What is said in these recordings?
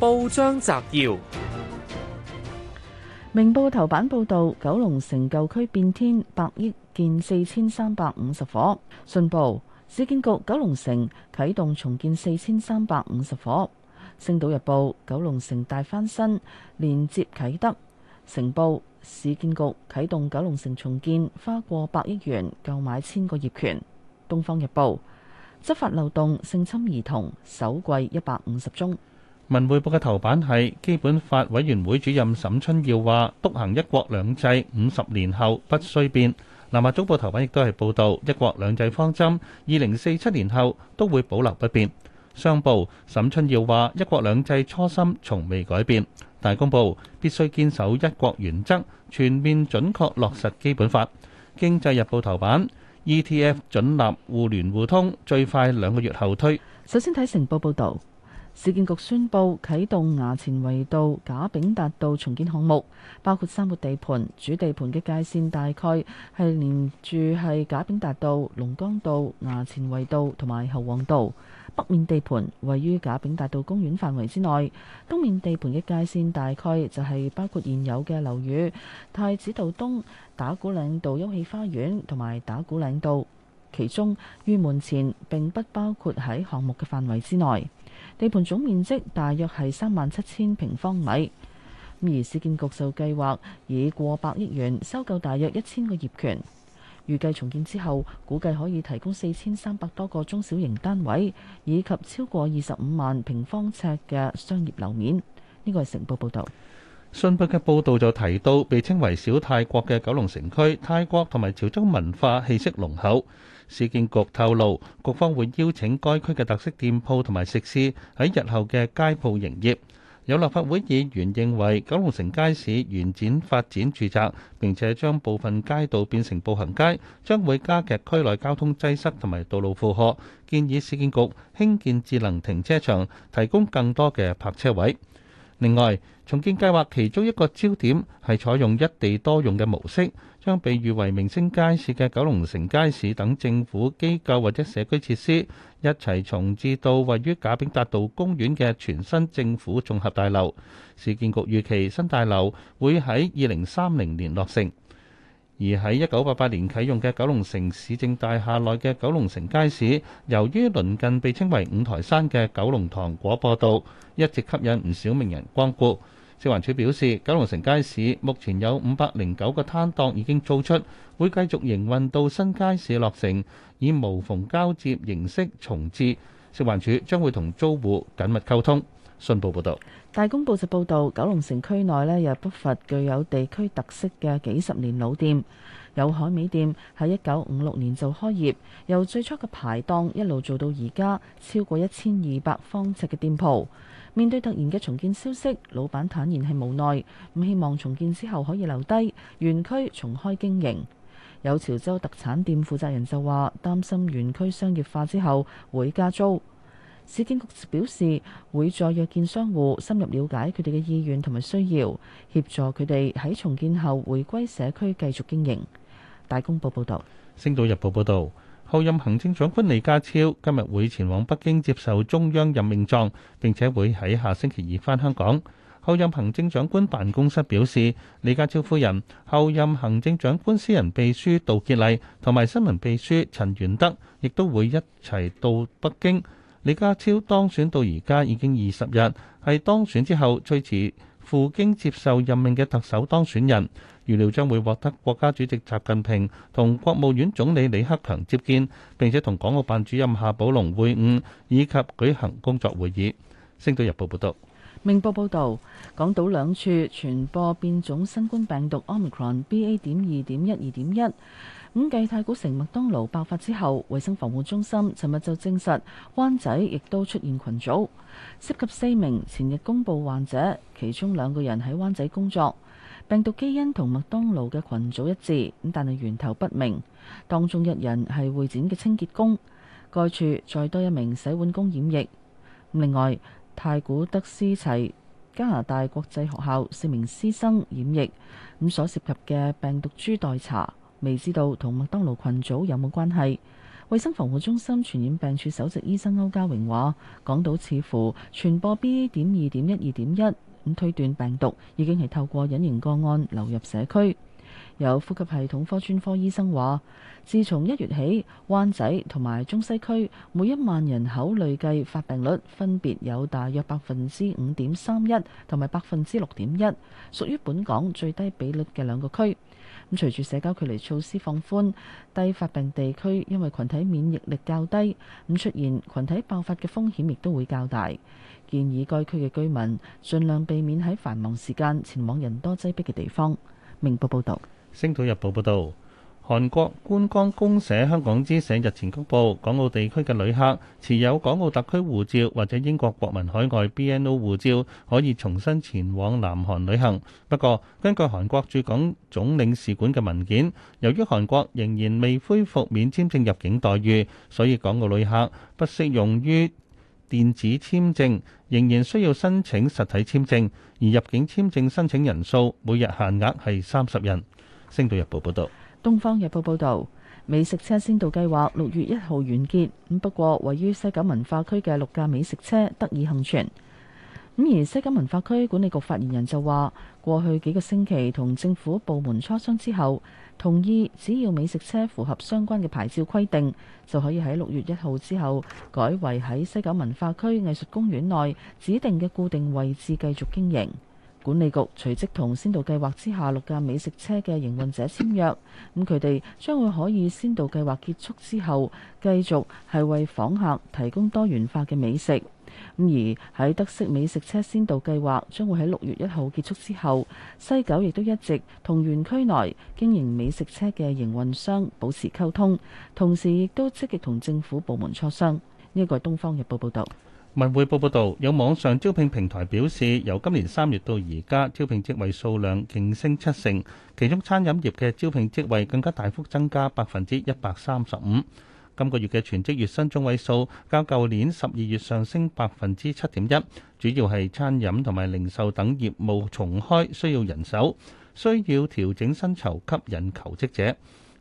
報章摘要：明報頭版報道九龍城舊區變天，百億建四千三百五十伙。信報：市建局九龍城啟動重建四千三百五十伙。星島日報：九龍城大翻身，連接啟德。成報：市建局啟動九龍城重建，花過百億元購買千個業權。東方日報：執法漏洞，性侵兒童首季一百五十宗。文匯報嘅頭版係基本法委員會主任沈春耀話：篤行一國兩制五十年後不需變。南華早報頭版亦都係報導一國兩制方針二零四七年後都會保留不變。商報沈春耀話：一國兩制初心從未改變，大公報，必須堅守一國原則，全面準確落實基本法。經濟日報頭版 ETF 準立互聯互通最快兩個月後推。首先睇成報報導。市建局宣佈啟動衙前圍道、賈炳達道重建項目，包括三個地盤。主地盤嘅界線大概係連住係賈炳達道、龍崗道、衙前圍道同埋侯王道。北面地盤位於賈炳達道公園範圍之內，東面地盤嘅界線大概就係包括現有嘅樓宇、太子道東、打鼓嶺道休憩花園同埋打鼓嶺道。其中御門前並不包括喺項目嘅範圍之內。地盤總面積大約係三萬七千平方米，而市建局就計劃以過百億元收購大約一千個業權，預計重建之後，估計可以提供四千三百多個中小型單位，以及超過二十五萬平方尺嘅商業樓面。呢個係成報報導。信報嘅報導就提到，被稱為小泰國嘅九龍城區，泰國同埋潮州文化氣息濃厚。市建局透露，局方會邀請該區嘅特色店鋪同埋食肆喺日後嘅街鋪營業。有立法會議員認為九龍城街市延展發展住宅，並且將部分街道變成步行街，將會加劇區內交通擠塞同埋道路負荷。建議市建局興建智能停車場，提供更多嘅泊車位。另外，重建計劃其中一個焦點係採用一地多用嘅模式，將被譽為明星街市嘅九龍城街市等政府機構或者社區設施一齊重置到位於賈炳達道公園嘅全新政府綜合大樓。市建局預期新大樓會喺二零三零年落成。而喺一九八八年啟用嘅九龍城市政大廈內嘅九龍城街市，由於鄰近被稱為五台山嘅九龍塘廣播道，一直吸引唔少名人光顧，食環署表示，九龍城街市目前有五百零九個攤檔已經租出，會繼續營運到新街市落成，以無縫交接形式重置。食環署將會同租戶緊密溝通。信報報道，大公報就報導，九龍城區內呢又不乏具有地區特色嘅幾十年老店，有海味店喺一九五六年就開業，由最初嘅排檔一路做到而家，超過一千二百方尺嘅店鋪。面對突然嘅重建消息，老闆坦言係無奈，唔希望重建之後可以留低原區重開經營。有潮州特產店負責人就話，擔心原區商業化之後會加租。市建局表示，會再約見商戶，深入了解佢哋嘅意願同埋需要，協助佢哋喺重建後回歸社區繼續經營。大公報報道。《星島日報》報道，候任行政長官李家超今日會前往北京接受中央任命狀，並且會喺下星期二返香港。候任行政長官辦公室表示，李家超夫人、候任行政長官私人秘書杜傑麗同埋新聞秘書陳元德，亦都會一齊到北京。李家超當選到而家已經二十日，係當選之後最遲赴京接受任命嘅特首當選人，預料將會獲得國家主席習近平同國務院總理李克強接見，並且同港澳辦主任夏寶龍會晤，以及舉行工作會議。星島日報報道。明報報道，港島兩處傳播變種新冠病毒 Omicron BA. 點二點一二點一。五繼太古城麥當勞爆發之後，衞生防護中心尋日就證實，灣仔亦都出現群組，涉及四名前日公布患者，其中兩個人喺灣仔工作，病毒基因同麥當勞嘅群組一致，但係源頭不明。當中一人係會展嘅清潔工，該處再多一名洗碗工染疫。另外，太古德斯齊加拿大國際學校四名師生染疫，咁所涉及嘅病毒株待查。未知道同麥當勞群組有冇關係。衞生防護中心傳染病處首席醫生歐家榮話，港島似乎傳播 B. 點二點一二點一，咁推斷病毒已經係透過隱形個案流入社區。有呼吸系統科專科醫生話，自從一月起，灣仔同埋中西區每一萬人口累計發病率分別有大約百分之五點三一同埋百分之六點一，屬於本港最低比率嘅兩個區。咁隨住社交距離措施放寬，低發病地區因為群體免疫力較低，咁出現群體爆發嘅風險亦都會較大。建議該區嘅居民盡量避免喺繁忙時間前往人多擠迫嘅地方。明報報導，《星島日報》報導，韓國觀光公社香港支社日前公布，港澳地區嘅旅客持有港澳特區護照或者英國國民海外 BNO 護照，可以重新前往南韓旅行。不過，根據韓國駐港總領事館嘅文件，由於韓國仍然未恢復免簽證入境待遇，所以港澳旅客不適用於。電子簽證仍然需要申請實體簽證，而入境簽證申請人數每日限額係三十人。星島日報報道，東方日報報道，美食車先導計劃六月一號完結，咁不過位於西九文化區嘅六架美食車得以幸存。咁而西九文化區管理局發言人就話，過去幾個星期同政府部門磋商之後，同意只要美食車符合相關嘅牌照規定，就可以喺六月一號之後，改為喺西九文化區藝術公園內指定嘅固定位置繼續經營。管理局隨即同先導計劃之下六架美食車嘅營運者簽約，咁佢哋將會可以先導計劃結束之後，繼續係為訪客提供多元化嘅美食。咁而喺德式美食車先導計劃將會喺六月一號結束之後，西九亦都一直同園區內經營美食車嘅營運商保持溝通，同時亦都積極同政府部門磋商。呢個係《東方日報》報導。文匯報報道，有網上招聘平台表示，由今年三月到而家，招聘職位數量勁升七成，其中餐飲業嘅招聘職位更加大幅增加百分之一百三十五。今個月嘅全職月薪中位數較舊年十二月上升百分之七點一，主要係餐飲同埋零售等業務重開，需要人手，需要調整薪酬吸引求職者。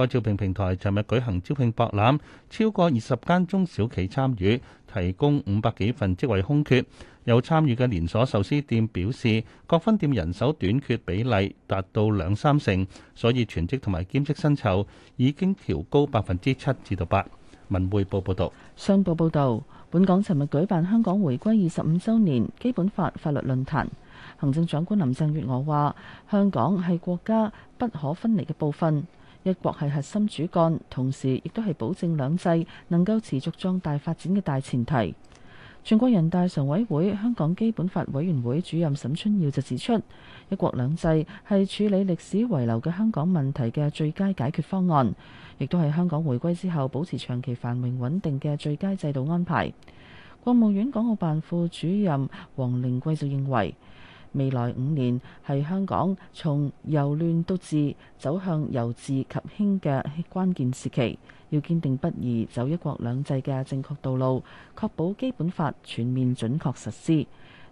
個招聘平台尋日舉行招聘博覽，超過二十間中小企參與，提供五百幾份職位空缺。有參與嘅連鎖壽司店表示，各分店人手短缺比例達到兩三成，所以全職同埋兼職薪酬已經調高百分之七至到八。文匯報報道。商報報道，本港尋日舉辦香港回歸二十五周年基本法法律論壇，行政長官林鄭月娥話香港係國家不可分離嘅部分。一國係核心主幹，同時亦都係保證兩制能夠持續壯大發展嘅大前提。全國人大常委會香港基本法委員會主任沈春耀就指出，一國兩制係處理歷史遺留嘅香港問題嘅最佳解決方案，亦都係香港回歸之後保持長期繁榮穩定嘅最佳制度安排。國務院港澳辦副主任黃寧貴就認為，未來五年係香港從由亂到治走向由治及興嘅關鍵時期，要堅定不移走一國兩制嘅正確道路，確保基本法全面準確實施。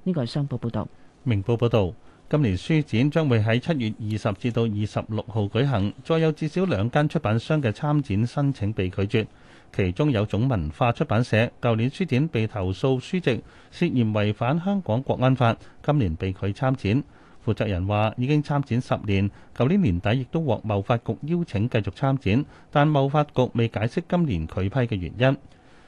呢個係商報報道。明報報道，今年書展將會喺七月二十至到二十六號舉行，再有至少兩間出版商嘅參展申請被拒絕。其中有種文化出版社舊年書展被投訴書籍涉嫌違反香港國安法，今年被拒參展。負責人話已經參展十年，舊年年底亦都獲貿發局邀請繼續參展，但貿發局未解釋今年拒批嘅原因。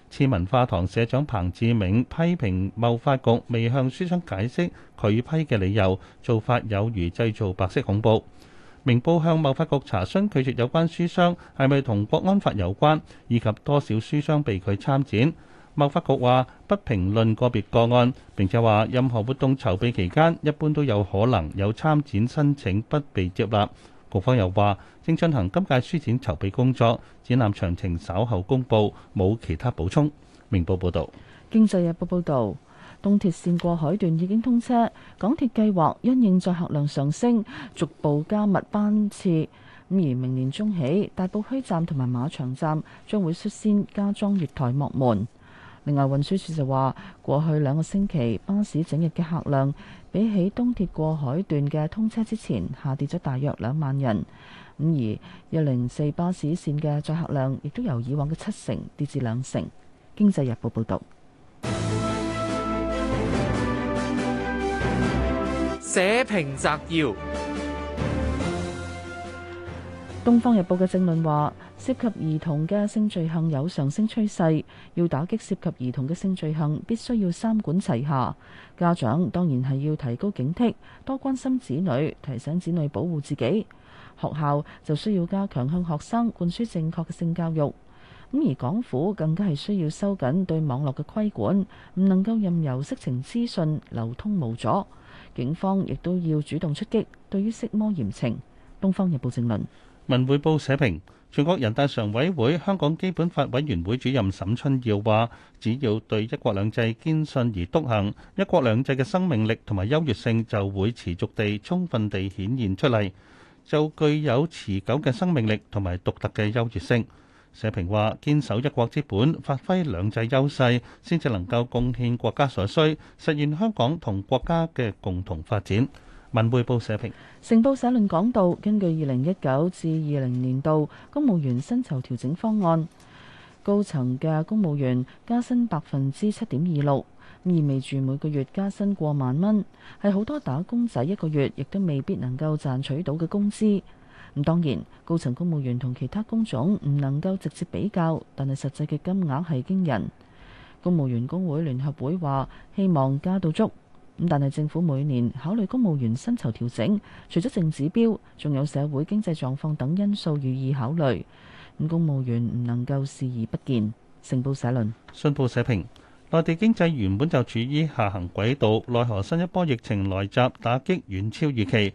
次文化堂社長彭志銘批評貿發局未向書商解釋拒批嘅理由，做法有如製造白色恐怖。明報向貿發局查詢拒絕有關書商係咪同國安法有關，以及多少書商被拒參展。貿發局話不評論個別個案，並且話任何活動籌備期間一般都有可能有參展申請不被接納。局方又話正進行今屆書展籌備工作，展覽詳情稍後公佈，冇其他補充。明報報導。《經濟日報》報導。東鐵線過海段已經通車，港鐵計劃因應載客量上升，逐步加密班次。咁而明年中起，大埔墟站同埋馬場站將會率先加裝月台幕門。另外運輸署就話，過去兩個星期巴士整日嘅客量，比起東鐵過海段嘅通車之前，下跌咗大約兩萬人。咁而一零四巴士線嘅載客量亦都由以往嘅七成跌至兩成。經濟日報報導。社評摘要，《東方日報》嘅政論話：涉及兒童嘅性罪行有上升趨勢，要打擊涉及兒童嘅性罪行，必須要三管齊下。家長當然係要提高警惕，多關心子女，提醒子女保護自己。學校就需要加強向學生灌輸正確嘅性教育。咁而港府更加係需要收緊對網絡嘅規管，唔能夠任由色情資訊流通無阻。警方亦都要主動出擊，對於色魔嚴懲。《東方日報》正論，《文匯報》社評，全國人大常委會香港基本法委員會主任沈春耀話：只要對一國兩制堅信而篤行，一國兩制嘅生命力同埋優越性就會持續地、充分地顯現出嚟，就具有持久嘅生命力同埋獨特嘅優越性。社評話：堅守一國之本，發揮兩制優勢，先至能夠貢獻國家所需，實現香港同國家嘅共同發展。文匯報社評，成報社論講到，根據二零一九至二零年度公務員薪酬調整方案，高層嘅公務員加薪百分之七點二六，意味住每個月加薪過萬蚊，係好多打工仔一個月亦都未必能夠賺取到嘅工資。咁當然，高層公務員同其他工種唔能夠直接比較，但係實際嘅金額係驚人。公務員工會聯合會話：希望加到足。咁但係政府每年考慮公務員薪酬調整，除咗淨指標，仲有社會經濟狀況等因素予以考慮。咁公務員唔能夠視而不見。成報社論，信報社評：內地經濟原本就處於下行軌道，奈何新一波疫情來襲，打擊遠超預期。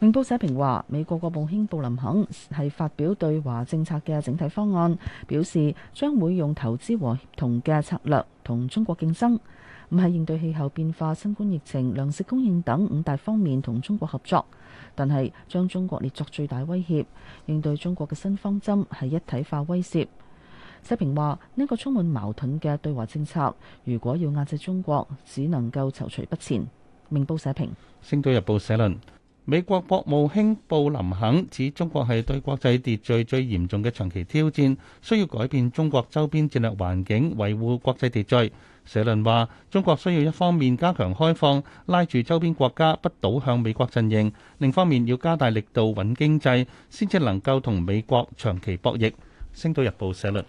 明報社評話，美國國務卿布林肯係發表對華政策嘅整體方案，表示將會用投資和協同嘅策略同中國競爭，唔係應對氣候變化、新冠疫情、糧食供應等五大方面同中國合作，但係將中國列作最大威脅。應對中國嘅新方針係一體化威懾。社評話呢、這個充滿矛盾嘅對華政策，如果要壓制中國，只能夠躊躇不前。明報社評，《星島日報》社論。美國國務卿布林肯指中國係對國際秩序最嚴重嘅長期挑戰，需要改變中國周邊戰略環境，維護國際秩序。社論話中國需要一方面加強開放，拉住周邊國家不倒向美國陣營；另一方面要加大力度穩經濟，先至能夠同美國長期博弈。星島日報社論。